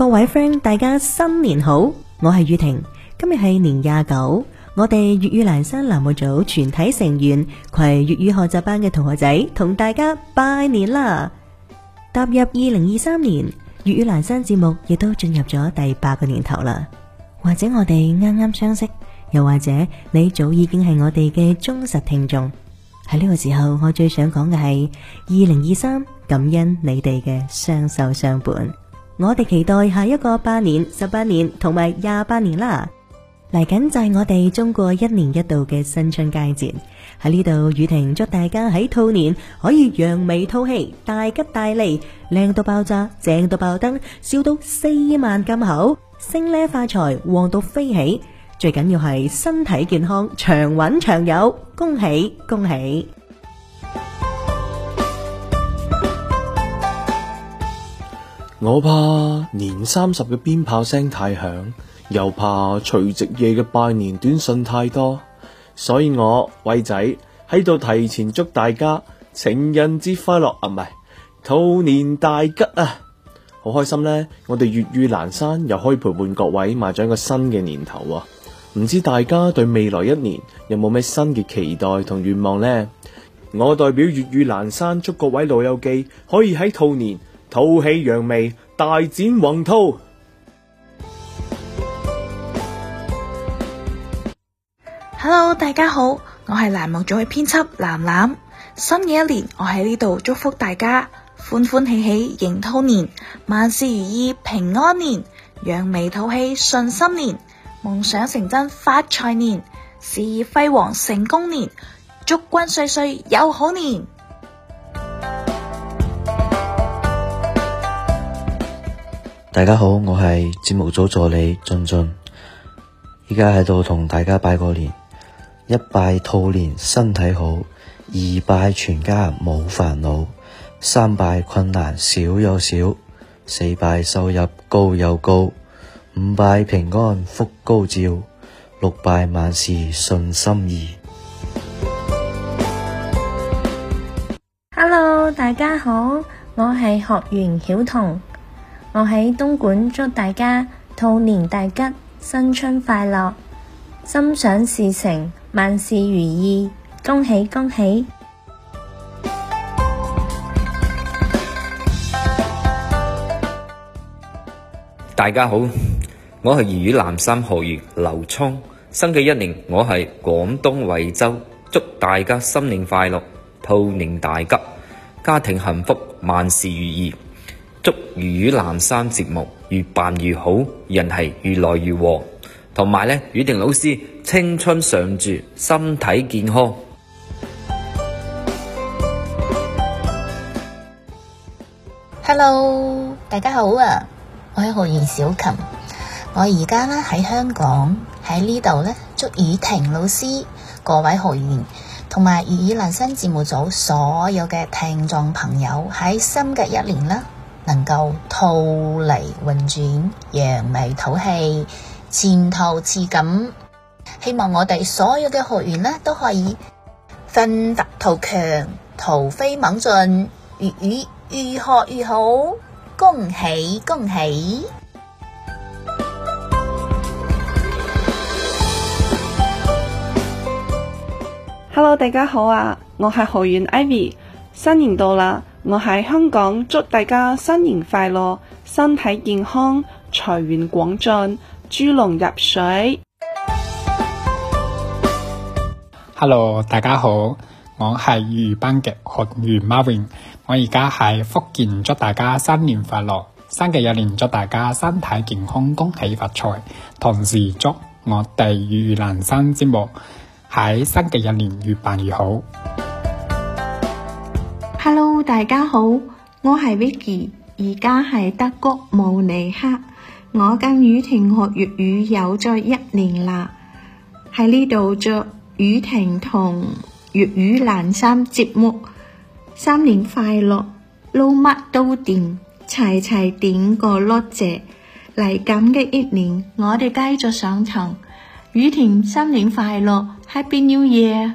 各位 friend，大家新年好！我係雨婷，今日係年廿九，我哋粵語闌珊欄目組全體成員，攜粵語學習班嘅同學仔，同大家拜年啦！踏入二零二三年，粵語闌珊節目亦都進入咗第八個年頭啦。或者我哋啱啱相識，又或者你早已經係我哋嘅忠實聽眾。喺呢個時候，我最想講嘅係二零二三，2023, 感恩你哋嘅相守相伴。我哋期待下一個八年、十八年同埋廿八年啦！嚟緊就係我哋中國一年一度嘅新春佳節，喺呢度雨婷祝大家喺兔年可以揚眉吐氣、大吉大利、靚到爆炸、正到爆燈、笑到四萬咁好、升呢發財、旺到飛起，最緊要係身體健康、長穩長有，恭喜恭喜！我怕年三十嘅鞭炮聲太響，又怕除夕夜嘅拜年短信太多，所以我偉仔喺度提前祝大家情人節快樂啊，唔係兔年大吉啊！好開心咧，我哋粵語闌珊又可以陪伴各位邁進一個新嘅年頭。啊，唔知大家對未來一年有冇咩新嘅期待同願望咧？我代表粵語闌珊祝各位老友記可以喺兔年。吐氣揚眉，大展宏圖。Hello，大家好，我係欄目組嘅編輯藍藍。新嘅一年，我喺呢度祝福大家，歡歡喜喜迎兔年，萬事如意平安年，揚眉吐氣順心年，夢想成真發財年，事業輝煌成功年，祝君歲歲有好年。大家好，我係節目組助理俊俊，依家喺度同大家拜個年。一拜兔年身體好，二拜全家冇煩惱，三拜困難少有少，四拜收入高有高，五拜平安福高照，六拜萬事順心意。Hello，大家好，我係學員曉彤。我喺東莞，祝大家兔年大吉，新春快樂，心想事成，萬事如意，恭喜恭喜！大家好，我係粵語闌珊學員劉聰，新嘅一年我喺廣東惠州，祝大家新年快樂，兔年大吉，家庭幸福，萬事如意。祝粵語闌珊節目越辦越好，人係越來越和。同埋呢雨婷老師青春常駐，身體健康。Hello，大家好啊！我係學員小琴，我而家呢喺香港喺呢度呢，祝雨婷老師各位學員同埋粵語闌珊節目組所有嘅聽眾朋友喺新嘅一年啦。能夠兔嚟運轉，揚眉吐氣，前途似錦。希望我哋所有嘅學員呢都可以奮發圖強，突飛猛進，粵語越學越好。恭喜恭喜！Hello，大家好啊，我係學員 Ivy，新年到啦。我喺香港，祝大家新年快樂，身體健康，財源廣進，豬籠入水。Hello，大家好，我係粵班嘅學員 Marvin，我而家喺福建，祝大家新年快樂，新嘅一年祝大家身體健康，恭喜發財，同時祝我哋粵闌珊節目喺新嘅一年越辦越好。大家好，我係 Vicky，而家係德國慕尼黑。我跟雨婷學粵語有咗一年啦，喺呢度祝雨婷同粵語闌珊節目，新年快樂，撈乜都掂，齊齊掂過碌蔗。嚟緊嘅一年，我哋繼續上堂。雨婷新年快樂，Happy New Year！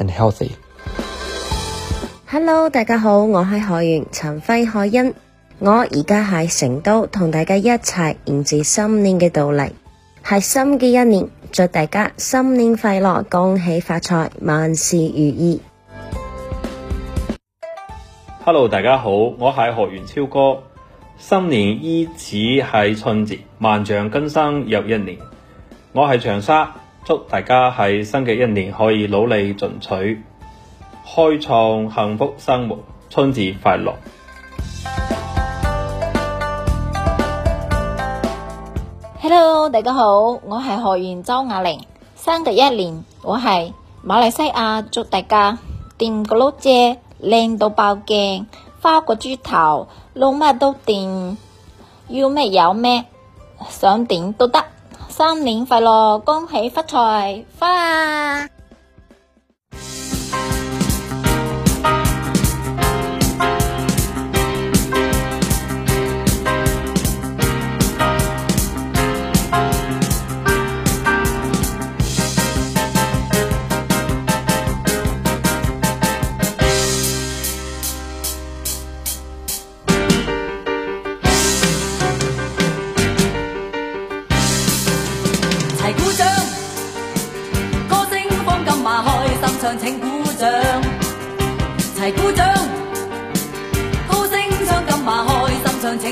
and Hello，大家好，我係學員陳輝海欣，我而家喺成都，同大家一齊迎接新年嘅到嚟。係新嘅一年，祝大家新年快樂，恭喜發財，萬事如意。Hello，大家好，我係學員超哥，新年伊始係春節，萬象新生又一年，我喺長沙。祝大家喺新嘅一年可以努力進取，開創幸福生活，春節快樂。Hello，大家好，我係學員周雅玲。新嘅一年，我係馬來西亞，祝大家掂個碌蔗靚到爆鏡，花個豬頭，撈乜都掂，要咩有咩，想點都得。新年快樂，恭喜發財！花。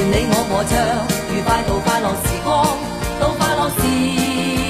願你我和唱，愉快到快樂時光，到快樂時。